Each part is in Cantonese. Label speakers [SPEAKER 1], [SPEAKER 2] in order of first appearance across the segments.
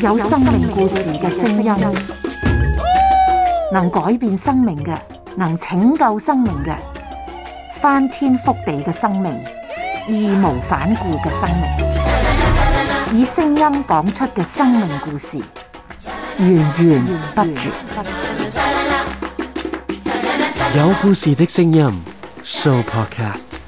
[SPEAKER 1] 有生命故事嘅聲音，能改變生命嘅，能拯救生命嘅，翻天覆地嘅生命，義無反顧嘅生命，以
[SPEAKER 2] 聲音講出嘅生命故事，源源不絕。
[SPEAKER 1] 有故事嘅聲音，Show Podcast。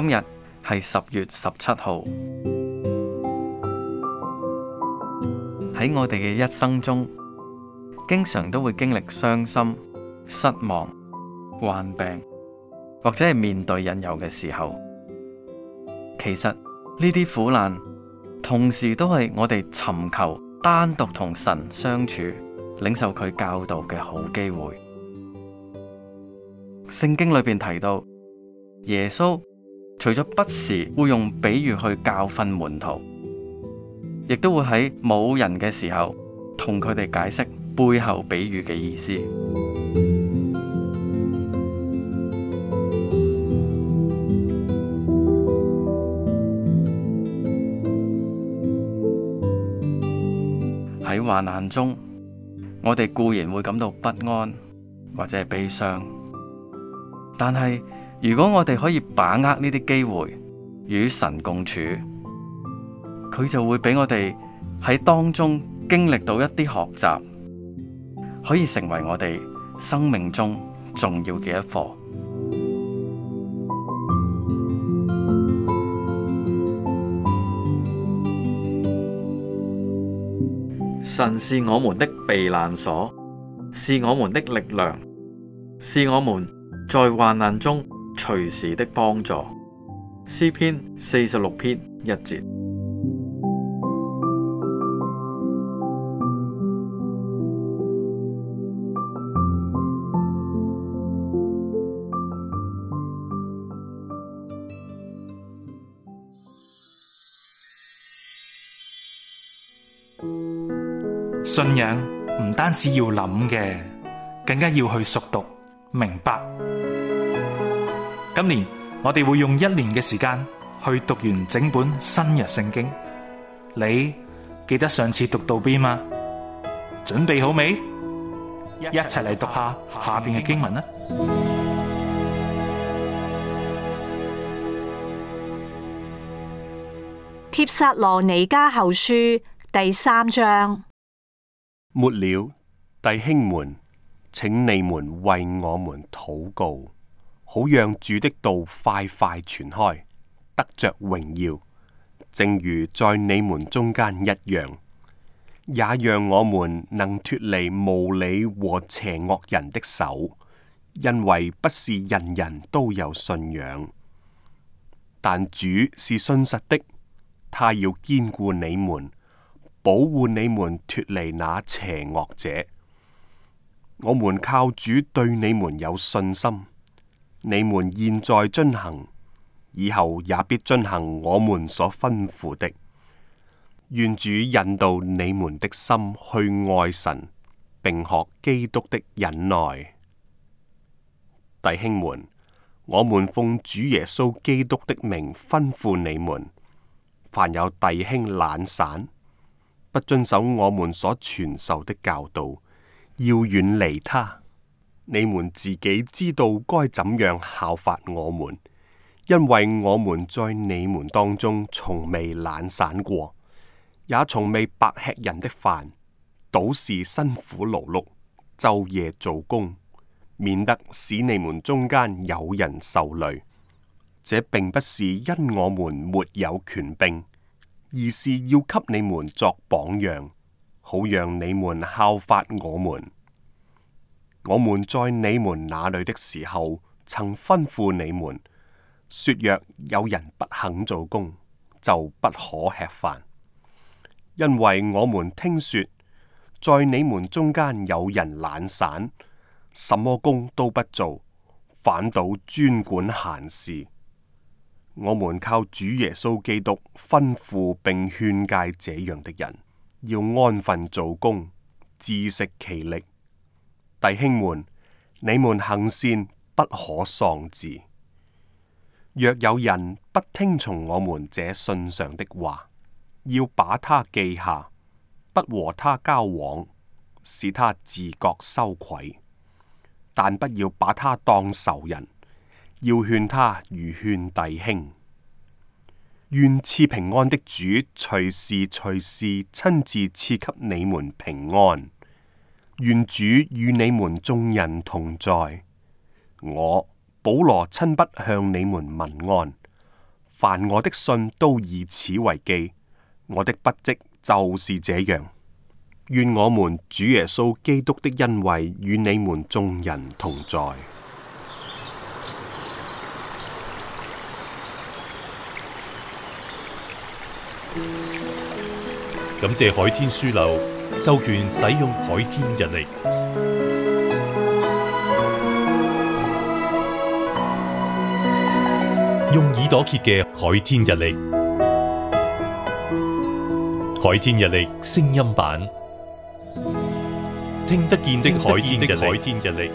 [SPEAKER 2] 今日係十月十七號。喺我哋嘅一生中，經常都會經歷傷心、失望、患病，或者係面對引誘嘅時候。其實呢啲苦難，同時都係我哋尋求單獨同神相處、領受佢教導嘅好機會。聖經裏邊提到耶穌。除咗不時會用比喻去教訓門徒，亦都會喺冇人嘅時候同佢哋解釋背後比喻嘅意思。喺患 難中，我哋固然會感到不安或者係悲傷，但係，如果我哋可以把握呢啲機會與神共處，佢就會俾我哋喺當中經歷到一啲學習，可以成為我哋生命中重要嘅一課。神是我們的避難所，是我們的力量，是我們在患難中隨時的幫助。詩篇四十六篇一節。
[SPEAKER 1] 信仰唔單止要諗嘅，更加要去熟讀明白。今年我哋會用一年嘅時間去讀完整本新約聖經。你記得上次讀到邊嗎？準備好未？一齊嚟讀下下邊嘅經文啦！帖撒羅尼迦後書第三章，末了，弟兄們，請你們為我們禱告。好讓主的道快快傳開，得着榮耀，正如在你們中間一樣。也讓我們能脫離無理和邪惡人的手，因為不是人人都有信仰，但主是信實的，他要堅固你們，保護你們脫離那邪惡者。我們靠主對你們有信心。你們現在遵行，以後也必遵行我們所吩咐的。願主引導你們的心去愛神，並學基督的忍耐。弟兄們，我們奉主耶穌基督的名吩咐你們：凡有弟兄懶散，不遵守我們所傳授的教導，要遠離他。你們自己知道該怎樣效法我們，因為我們在你們當中從未懶散過，也從未白吃人的飯，倒是辛苦勞碌，晝夜做工，免得使你們中間有人受累。這並不是因我們沒有權柄，而是要給你們作榜樣，好讓你們效法我們。我們在你們那裏的時候，曾吩咐你們說：若有人不肯做工，就不可吃飯。因為我們聽說，在你們中間有人懶散，什麼工都不做，反倒專管閒事。我們靠主耶穌基督吩咐並勸誡這樣的人，要安分做工，自食其力。弟兄們，你們行善不可喪志。若有人不聽從我們這信上的話，要把他記下，不和他交往，使他自覺羞愧。但不要把他當仇人，要勸他如勸弟兄。願賜平安的主，隨時隨事親自賜給你們平安。願主與你們眾人同在。我保羅親筆向你們問安。凡我的信都以此為記。我的筆跡就是這樣。願我們主耶穌基督的恩惠與你們眾人同在。
[SPEAKER 3] 感謝海天書樓。授權使用海天日曆，用耳朵揭嘅海天日曆，海天日曆聲音版，
[SPEAKER 2] 聽得見的海天
[SPEAKER 3] 日曆。